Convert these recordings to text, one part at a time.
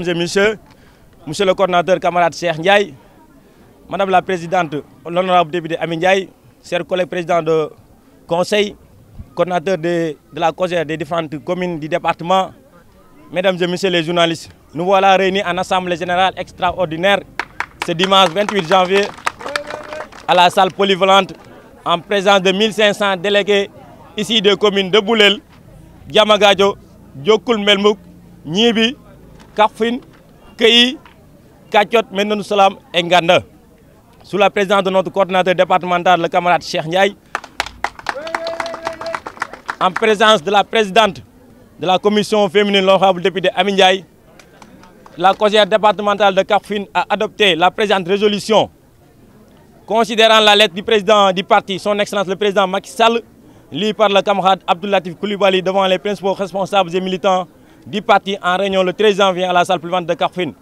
mesdames et messieurs, monsieur le coordinateur camarade Cheikh Ndiaye, madame la présidente, l'honorable député Amin Ndiaye, chers collègues présidents de conseil, coordinateur de, de la COSER des différentes communes du département, mesdames et messieurs les journalistes, nous voilà réunis en assemblée générale extraordinaire ce dimanche janvier à la salle polyvalente en présence de 1500 délégués ici des communes de Boulel, Diamagadio, Diokoul Melmouk, Nibi, Kaffrine, Kei, Kachot, Mendon Salam et Nganda. Sous la présidence de notre coordinateur départemental, le camarade Cheikh Ndiaye, en présence de la présidente de la commission féminine, l'honorable député Amin Ndiaye, la conseillère départementale de Kaffrine a adopté la présente résolution considérant la lettre du président du parti, son excellence le président Macky Sall, lue par le camarade Abdoulatif Koulibaly devant les principaux responsables et militants du parti en réunion le 13 janvier à la salle Pluvante de Kaffrine.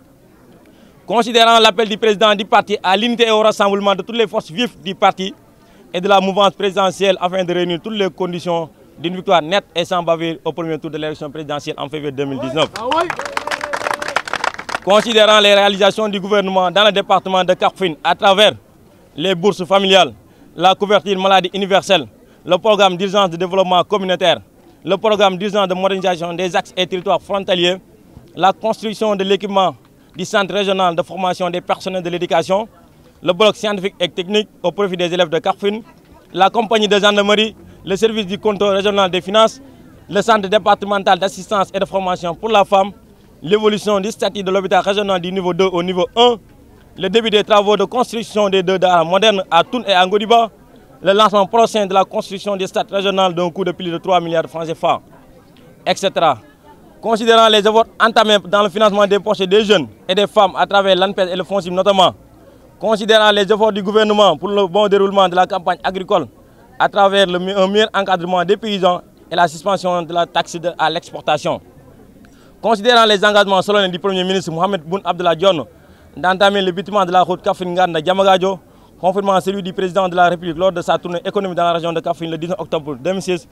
Considérant l'appel du président du à l'unité et au rassemblement de toutes les forces vives du parti et de la mouvance présidentielle afin de réunir toutes les conditions d'une victoire nette et sans bavure au premier tour de l'élection présidentielle en février 2019. Ah Considérant les réalisations du gouvernement dans le à travers les bourses familiales, la couverture maladie universelle, le programme d'urgence de développement communautaire, le programme 10 ans de modernisation des axes et territoires frontaliers, la construction de l'équipement du Centre régional de formation des personnels de l'éducation, le bloc scientifique et technique au profit des élèves de Carfin, la compagnie de gendarmerie, le service du contrôle régional des finances, le Centre départemental d'assistance et de formation pour la femme, l'évolution du statut de l'hôpital régional du niveau 2 au niveau 1, le début le lancement prochain de la construction des stades régionales d'un coût de plus de 3 milliards de francs CFA, etc. Considérant les efforts entamés dans le financement des poches des jeunes et des femmes à travers l'ANPES et le FONSIM notamment, considérant les efforts du gouvernement pour le bon déroulement de la campagne agricole à travers le, un meilleur encadrement des paysans et la suspension de la taxe de, à l'exportation. Considérant les engagements solennels du Premier ministre Mohamed conformément à celui du président de la République lors de sa tournée économique dans la région de Kaffrine le octobre 2016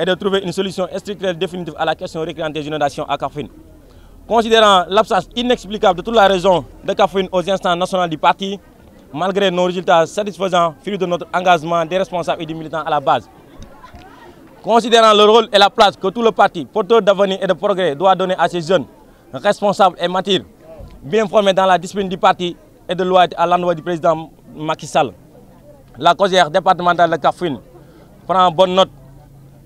de trouver une solution structurelle définitive à la question récurrente des inondations à Kaffrine. Considérant l'absence inexplicable de toute la région de Kaffrine aux instances nationales du parti, malgré nos résultats satisfaisants, fruit de notre engagement des responsables et des militants à la base. Considérant le rôle Macky Sall. La COGER départementale de Kaffrine prend bonne note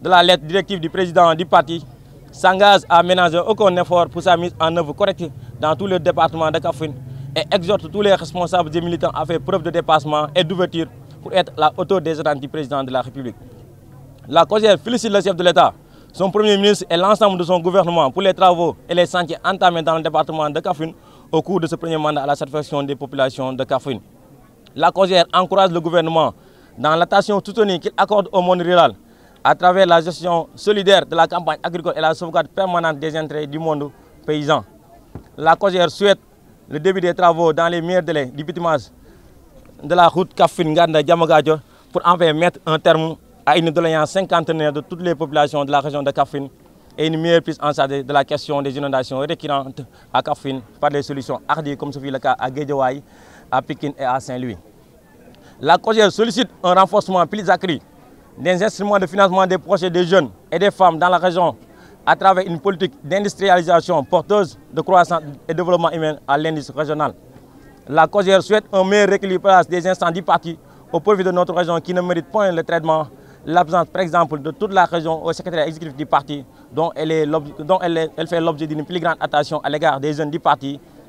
de la lettre directive du président du parti, s'engage à ménager aucun effort pour sa mise en œuvre correcte dans tous les départements de Kaffrine et exhorte tous les responsables des militants à faire preuve de dépassement et d'ouverture pour être la hauteur des du président de la République. La COGER félicite le chef de l'État, son premier ministre et l'ensemble de son gouvernement La COGER encourage le gouvernement dans l'attention soutenue qu'il accorde au monde rural à travers la gestion solidaire de la campagne agricole et la sauvegarde permanente des intérêts du monde paysan. La COGER souhaite le début des travaux dans les meilleurs délais du bitumage de la route Kaffrine Nganda Diamagadio pour enfin mettre un terme à une doléance cinquantenaire de toutes les populations de la région de Kaffrine et une meilleure prise en charge de la question des inondations récurrentes à Kaffrine par à Pékin et à Saint-Louis. La COGER sollicite un renforcement plus accru des instruments de financement des projets des jeunes et des femmes dans la région à travers une politique d'industrialisation porteuse de croissance et développement humain à l'indice régional. La COGER souhaite un meilleur rééquilibrage des incendies partis au profit de notre région qui ne mérite point le traitement, l'absence par exemple de toute la région au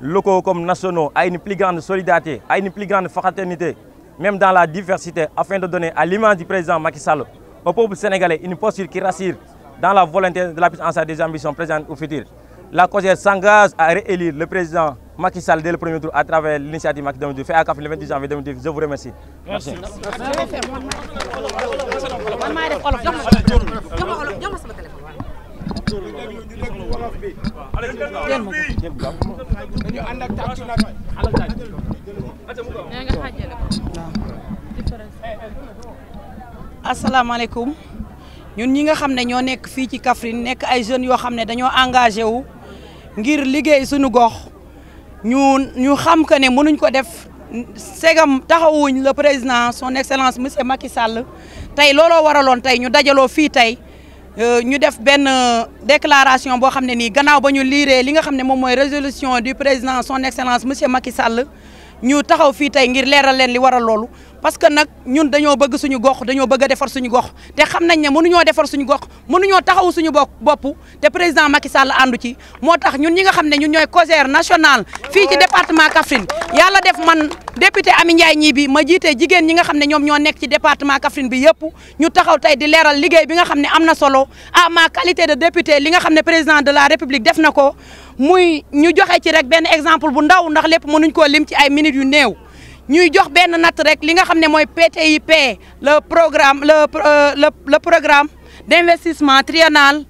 locaux comme nationaux, à une plus grande solidarité, à une plus grande fraternité, même dans la diversité, afin de donner à l'image du président Macky Sall au peuple une posture qui rassure dans la volonté de la puissance des ambitions présentes au futur. La COGER s'engage à réélire le président Macky Sall dès le premier tour l'initiative Macky 2012, fait à Je vous remercie. Merci. asalaamaaleykum ñun ñi nga xam ne ñoo nekk fii ci Kaffrine nekk ay jeunes yoo xam ne dañoo engagé wu ngir liggéey suñu gox ñu ñu xam que ne mënuñ ko def segam taxawuñ la président son excellence monsieur Macky Sall tey looloo waraloon tey ñu dajaloo fii tey. Euh, ñu def benn euh, déclaration boo xam ne nii gannaaw ba ñu liiree li nga xam ne moom mooy résolution du président son excellence monsieur Macky Sall ñu taxaw fii tey ngir leeral leen li waral loolu parce que nag ñun dañoo bëgg suñu gox dañoo bëgg defar suñu gox te xam nañ ne mënuñoo defar suñu gox mënuñoo taxaw suñu bokk bopp te président Sall àndu ci moo tax ñun ñi nga xam ne ñun ñooy COJER national fii ci département Kaffrine yàlla def man député Amy Ndiaye ñii bi ma jiitee jigéen ñi nga xam ne ñoom ñoo nekk ci département Kaffrine bi yëpp ñu taxaw tey di leeral liggéey bi nga xam ne am na solo à ah, ma qualité de député li nga xam ne président de la république def na ko muy ñu joxe ci rek benn exemple bu ndaw ndax lépp mënuñ koo lim ci ay minutes yu néew ñuy jox benn nat rek li nga xam ne mooy PTIP le programme la euh, le le programme d'investissement triennal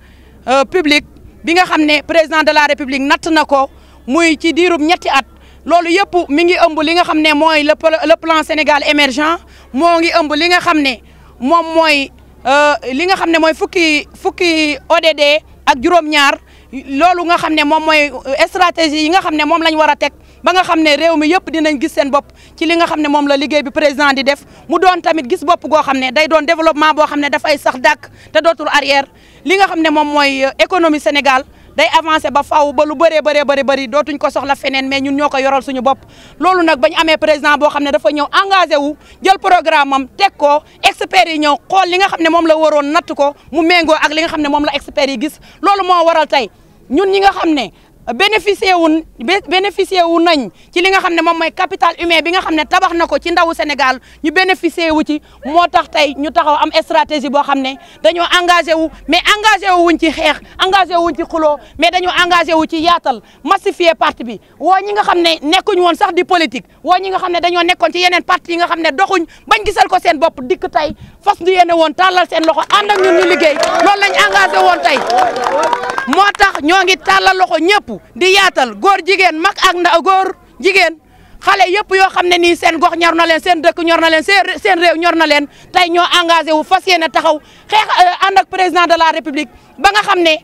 euh, public bi nga xam ne président de la république natt na ko muy ci diirub ñetti at loolu yëpp mi ngi ëmb li nga xam ne mooy le le plan Sénégal émergent moo ngi ëmb li nga xam ne moom mooy euh, li nga xam ne mooy fukki fukki ODD ak juróom-ñaar. loolu nga xam ne moom mooy stratégie yi nga xam ne moom lañ war teg ba nga xam ne réew mi yëpp dinañ gis seen bopp ci li nga xam ne moom la liggéey bi président di def mu doon tamit gis bopp go xam ne day doon développement boo xam ne dafay sax dàkk te dootul arrière li nga xam ne moom mooy économie Sénégal day avancé ba faw ba lu bëree bëree bëri bëri dootuñ ko soxla feneen mais ñun ñoo ko yoral suñu bopp loolu nag bañ amee président boo xam ne dafa ñëw engagé wu jël programme am teg ko experts yi ñëw xool li nga xam ne moom la waroon natt ko mu méngoo ak li nga xam ne moom la experts yi gis loolu moo waral tey ñun ñi nga xam ne bénéficié wu bénéficié wu nañ ci li nga xam ne moom mooy capital humain bi nga xam ne tabax na ko ci ndawu Sénégal ñu bénéficié wu ci moo tax tey ñu taxaw am stratégie boo xam ne dañoo engagé wu mais engagé wu wuñ ci xeex engagé wu ci xuloo mais dañoo engagé wu ci yaatal massifier parti bi woo ñi nga xam ne nekkuñ woon sax di politique woo ñi nga xam ne dañoo nekkoon ci yeneen parti yi nga xam ne doxuñ bañ gisal ko seen bopp dikk tey fas du yéene woon tàllal seen loxo ànd ak ñun liggéey loolu lañ engagé woon tey moo tax ñoo ngi tàllal loxo ñëpp di yaatal góor jigéen mag ak ndaw góor jigéen xale yëpp yoo xam ne nii seen gox ñor na leen seen dëkk ñor na leen seen seen ñor na leen tey ño engagé wu fas yéene taxaw xeex euh, ànd ak président de la république ba nga xam ne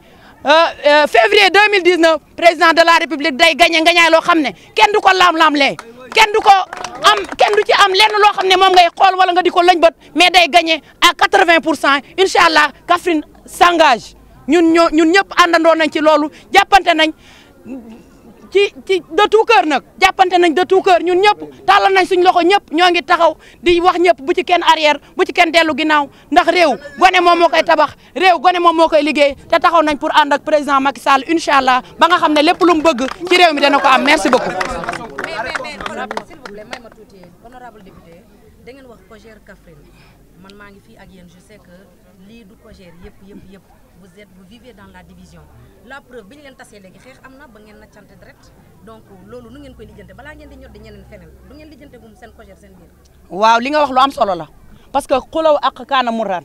euh, euh, février 2019 président de la république day gañe ngañaay loo xam ne kenn du ko laam-laam lee kenn du ko am kenn du ci am lenn loo xam ne moom ngay xool wala nga di ko lañ bët mais day gagné à 80 pour cent incha allah sangage s'engage ñun ñoo ñun ñëpp àndandoo nañ ci loolu jàppante nañ ci ci de tout nag jàppante nañ de ñun ñëpp tàllal nañ suñ loxo ñëpp ñoo ngi taxaw di wax ñëpp bu ci kenn arrière bu ci kenn dellu ginnaaw ndax réew gone moom moo koy tabax réew gone moom moo koy liggéey te taxaw nañ pour ànd ak président Macky Sall incha allah ba nga xam lépp lu mu bëgg ci réew mi dana ko am merci beaucoup. honorable député da ngeen wax Cojer Kaffrine man maa ngi fii ak yéen je lii du Cojer yëpp yëpp yëpp. vous êtes vous vivez la division la leen tasee léegi xeex am na ba ngeen na cante loolu nu ngeen koy lijjante balaa ngeen di ñor di ñeneen feneen du ngeen lijjante moom seen projet waaw li nga wax lu am solo la parce que xulaw a kaana mu muraan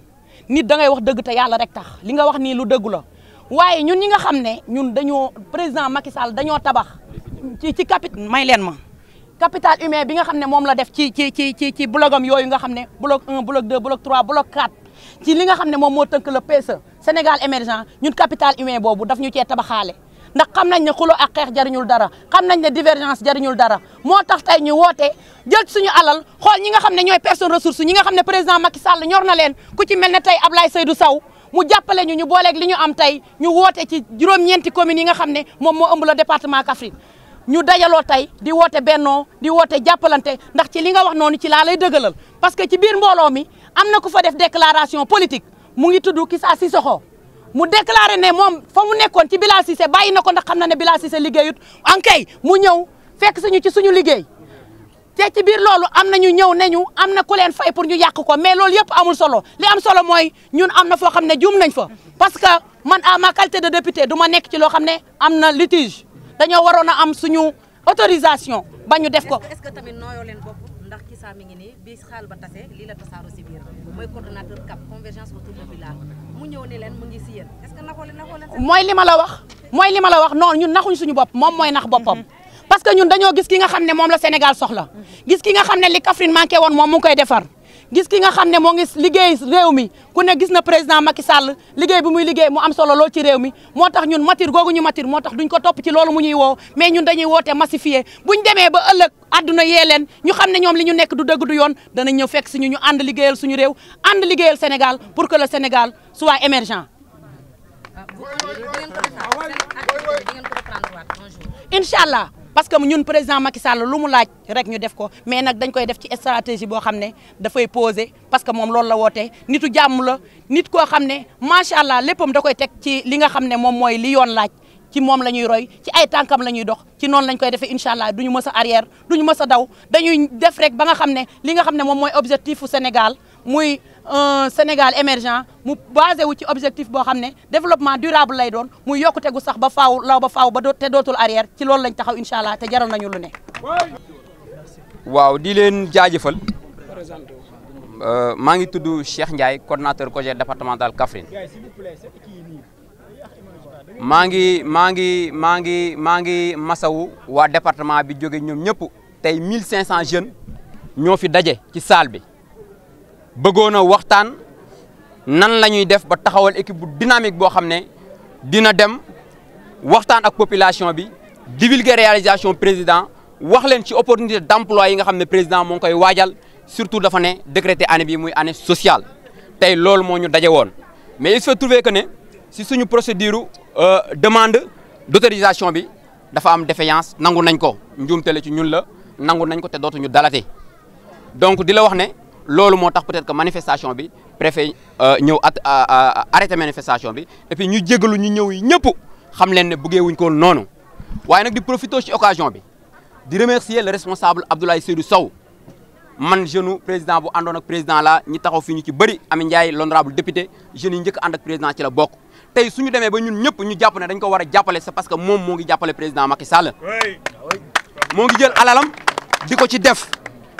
nit dangay wax dëgg te yàlla rek tax li nga wax nii lu dëgg la waaye ñun ñi nga xam ne ñun dañoo président Macky Sall dañoo tabax ci ci capit may leen ma. capital humain bi nga xam ne moom la def ci ci ci ci ci blogam yooyu nga xam ne blog 1 blog 2 blog 3 blog 4. ci li nga xam ne moom moo tënk le Sénégal émergent ñun capital humain boobu daf ñu cee tabaxaale ndax xam nañ ne xuloo ak xeex jariñul dara xam nañ ne divergence jariñul dara moo tax tey ñu woote jël suñu alal xool ñi nga xam ne ñooy personne ressource ñi nga xam ne président Macky Sall ñor na leen ku ci mel ne tey Ablaye Seydou saw mu jàppale ñu ñu booleeg li ñu am tey ñu woote ci juróom-ñeenti communes yi nga xam ne moom moo ëmb la département Kaffrine ñu dajaloo tey di woote bennoo di woote jàppalante ndax ci li nga wax noonu ci laa lay dëggalal parce que ci biir mbooloo mi am na ku fa def déclaration politique mu ngi tudd Kissa Cissokho mu déclaré ne moom fa mu nekkoon ci Bilal Cissé bàyyi na ko ndax xam na ne Bilal Cissé liggéeyut ankay mu ñëw fekk suñu ci suñu liggéey te ci biir loolu am na ñu ñëw ne ñu am na ku leen fay pour ñu yàq ko mais loolu yëpp amul solo li am solo mooy ñun am na foo xam ne juum nañ fa parce que man à ma qualité de député du ma nekk ci loo xam ne am na litige dañoo waroon a am suñu autorisation ba ñu def ko. est-ce que tamit nooyoo leen bopp Moussa mi ngi nii bi mooy coordonnateur leen mu ngi si yéen est-ce la wax mooy li ma la wax noonu ñun naxuñ suñu bopp moom mooy nax boppam parce que ñun dañoo gis ki nga xam ne moom la Sénégal soxla gis ki nga xam ne li Kaffrine manqué woon moom mu koy defar gis ki nga xam ne moo ngis liggéey réew mi ku ne gis na président Macky Sall liggéey bi muy liggéey mu am solo lool ci réew mi moo tax ñun matir googu ñu matir moo tax duñ ko topp ci loolu mu ñuy woo mais ñun dañuy woote bu buñ demee ba ëllëg àdduna yee leen ñu xam ne ñoom li ñu nekk du dëgg du yoon danañ ñëw fekk si ñu ñu ànd liggéeyal suñu réew ànd liggéeyal Sénégal pour que le Sénégal soit émergent ah, incha parce que ñun président Macky Sall lu mu laaj rek ñu def ko mais nag dañ koy def ci stratégie boo xam ne dafay poser parce que moom loolu la woote nitu jàmm la nit koo xam ne macha allah léppam da koy teg ci li nga xam ne moom mooy li yoon laaj ci moom la ñuy roy ci ay tànkam la ñuy dox ci noonu lañ koy defee incha allah duñu mës a arrière duñu mës a daw dañuy def rek ba nga xam ne li nga xam ne moom mooy objectif u Sénégal muy un Sénégal émergent mu basé wu ci objectif boo xam ne développement durable lay doon mu yokkute gu sax ba faaw law ba faaw ba doo te dootul arrière ci lool lañ taxaw incha allah te jaral nañu lu ne. waaw di leen jaajëfal euh, maa ngi tudd Cheikh Ndiaye coordonnateur projet départemental Kaffrine maa ngi maa ngi maa ngi maa ngi masawu waa département bi jóge ñoom ñëpp tey mille cent jeunes ñoo fi daje ci salle bi. bëggoon a waxtaan nan la ñuy def ba taxawal équipe bu dynamique boo xam ne dina dem waxtaan ak population bi divulguer réalisation président wax leen ci opportunité d'emploi yi nga xam ne président moo ngi koy waajal surtout dafa ne décrété année bi muy année sociale tey loolu moo ñu daje woon mais il se trouve que ne si suñu procédure euh, demande d'autorisation bi dafa am défaillance nangu nañ ko njuumte la ci ñun la nangu nañ ko te dootuñu dalate donc di la wax ne loolu moo tax peut-être que manifestation bi préfet euh, ñëw at arrêté bi et ñu jégalu ñu ñëw yi ñëpp xam leen ne bëggee wuñ ko noonu waaye nag di profité si occasion bi di remercier le responsable Abdoulaye Seydou saw man jeune président bu àndoon ak la ñi taxaw fii ñu ci bëri Amy Ndiaye l'honorable député jeunes yi njëkk ànd président ci la bokk tey suñu demee ba ñun ñëpp ñu jàpp ne dañ ko war a jàppale c'est parce que moom moo ngi jàppale président Macky Sall moo jël alalam di ko ci def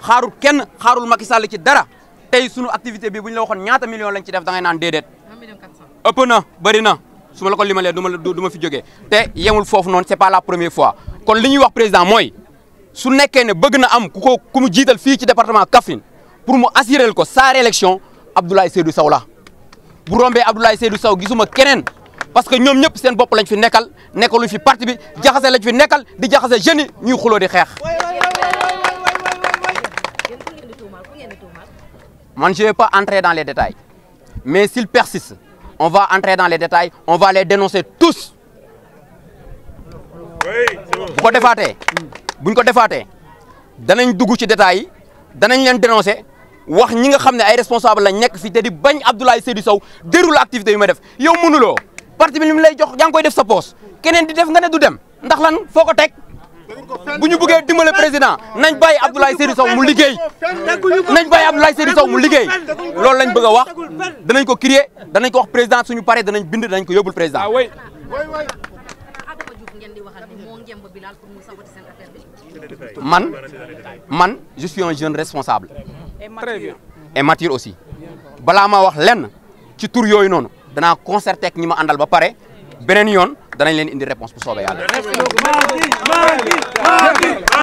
xaarul kenn xaarul Macky Sall ci dara tey sunu activité bi bu ñu la waxoon ñaata million lañ ci def da ngay naan déedéet. ëpp na bëri na su ma la ko limalee du ma la du ma fi joge te yemul foofu noonu c'est pas la première fois kon li ñuy wax président mooy su nekkee ne bëgg na am ku ko ku mu jiital fii ci département Kaffrine pour mu assurer ko sa réélection Abdoulaye Seydou Sow la bu rombee Abdoulaye Seydou Sow gisuma keneen parce que ñoom ñëpp seen bopp lañ fi nekkal nekkaluñ fi parti bi jaxase lañ fi nekkal di jaxase jeunes yi ñuy di xeex. Moi, je ne vais pas entrer dans les détails. Mais s'ils persistent, on va entrer dans le détails, on va les dénoncer tous. Oui, bon. bu ko defaatee buñ ko danañ dugg ci détails yi danañ leen dénoncer wax ñi nga xam ne ay responsable lañ nekk fi te di bañ Abdoulaye Seydou Sow déroule activité yu ma def yow mënuloo parti bi li mu lay jox yaa ngi koy def sa poos keneen di def nga ne du dem ndax lan foo ko teg bu ñu bëggee dimbale président nañ bàyyi Abdoulaye Seydou Sow mu liggéey nañ bàyyi Abdoulaye Seydou Sow mu liggéey loolu lañ bëgg a wax danañ ko crier danañ ko wax président suñu paree danañ bind danañ ko yóbbul président. Ah, man man je suis un jeune responsable. très bien et mature aussi balaa maa wax lenn ci tur yooyu noonu danaa concerté ak ñi ma àndal ba pare beneen yoon. danañ leen indi réponse bu soobee yàlla